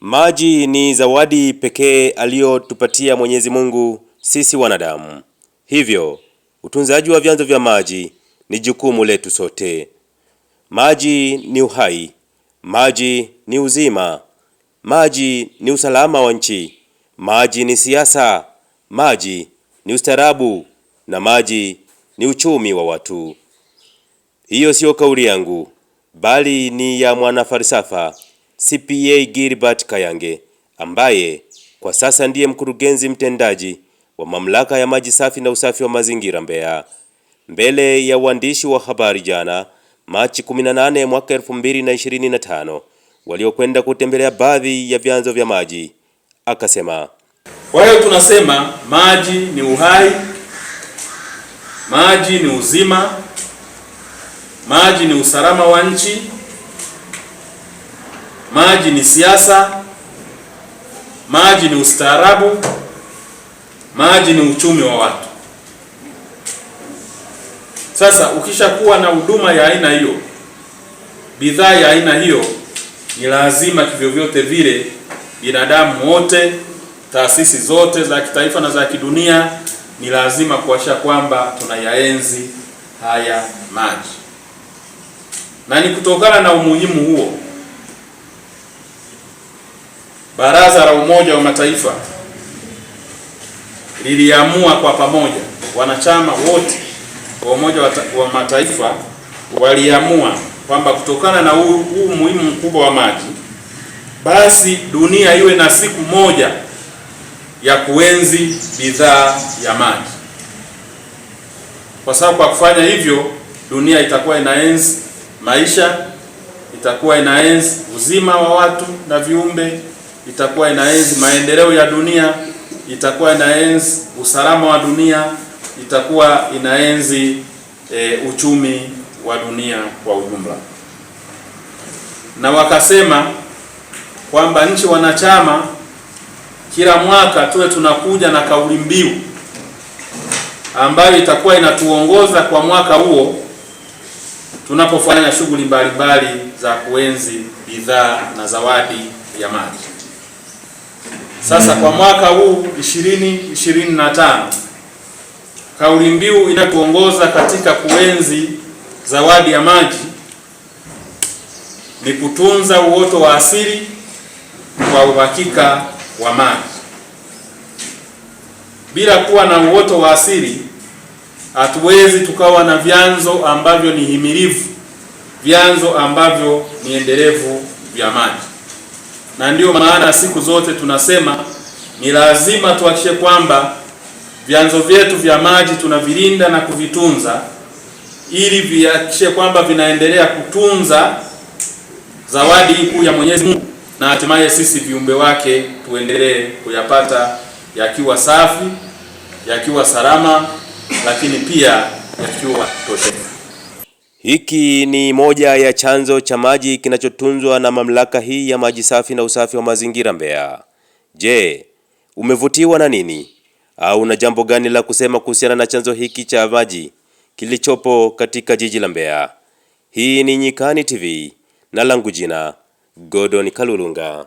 Maji ni zawadi pekee aliyotupatia Mwenyezi Mungu sisi wanadamu, hivyo utunzaji wa vyanzo vya maji ni jukumu letu sote. Maji ni uhai, maji ni uzima, maji ni usalama wa nchi, maji ni siasa, maji ni ustaarabu na maji ni uchumi wa watu. Hiyo siyo kauli yangu, bali ni ya mwanafalsafa CPA Gilbert Kayange ambaye kwa sasa ndiye mkurugenzi mtendaji wa mamlaka ya maji safi na usafi wa mazingira Mbeya. Mbele ya uandishi wa habari jana Machi 18 mwaka 2025, waliokwenda kutembelea baadhi ya vyanzo vya maji akasema, kwa hiyo tunasema maji ni uhai, maji ni uzima, maji ni usalama wa nchi maji ni siasa, maji ni ustaarabu, maji ni uchumi wa watu. Sasa ukishakuwa na huduma ya aina hiyo, bidhaa ya aina hiyo, ni lazima kivyovyote vile binadamu wote, taasisi zote za kitaifa na za kidunia, ni lazima kuhakikisha kwamba tunayaenzi haya maji, na ni kutokana na umuhimu huo Baraza la Umoja wa Mataifa liliamua kwa pamoja, wanachama wote wa Umoja wa Mataifa waliamua kwamba kutokana na huu umuhimu mkubwa wa maji, basi dunia iwe na siku moja ya kuenzi bidhaa ya maji, kwa sababu kwa kufanya hivyo dunia itakuwa inaenzi maisha, itakuwa inaenzi uzima wa watu na viumbe itakuwa inaenzi maendeleo ya dunia, itakuwa inaenzi usalama wa dunia, itakuwa inaenzi e, eh, uchumi wa dunia kwa ujumla. Na wakasema kwamba nchi wanachama kila mwaka tuwe tunakuja na kauli mbiu ambayo itakuwa inatuongoza kwa mwaka huo tunapofanya shughuli mbalimbali za kuenzi bidhaa na zawadi ya maji. Sasa kwa mwaka huu 2025 kauli mbiu inayotuongoza katika kuenzi zawadi ya maji ni kutunza uoto wa asili kwa uhakika wa maji. Bila kuwa na uoto wa asili hatuwezi tukawa na vyanzo ambavyo ni himilivu, vyanzo ambavyo ni endelevu vya maji na ndiyo maana siku zote tunasema ni lazima tuhakikishe kwamba vyanzo vyetu vya maji tunavilinda na kuvitunza ili vihakikishe kwamba vinaendelea kutunza zawadi hii kuu ya Mwenyezi Mungu na hatimaye sisi viumbe wake tuendelee kuyapata yakiwa safi, yakiwa salama, lakini pia yakiwa toshefu. Hiki ni moja ya chanzo cha maji kinachotunzwa na mamlaka hii ya maji safi na usafi wa mazingira Mbeya. Je, umevutiwa na nini au una jambo gani la kusema kuhusiana na chanzo hiki cha maji kilichopo katika jiji la Mbeya? Hii ni Nyikani TV na langu jina Gordon Kalulunga.